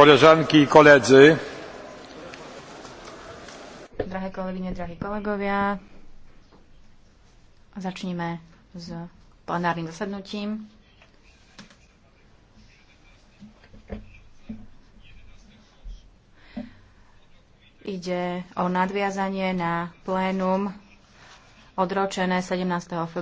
koleżanki i koledzy. Drahé kolegyne, drahí kolegovia, začníme s plenárnym zasadnutím. Ide o nadviazanie na plénum odročené 17. februára.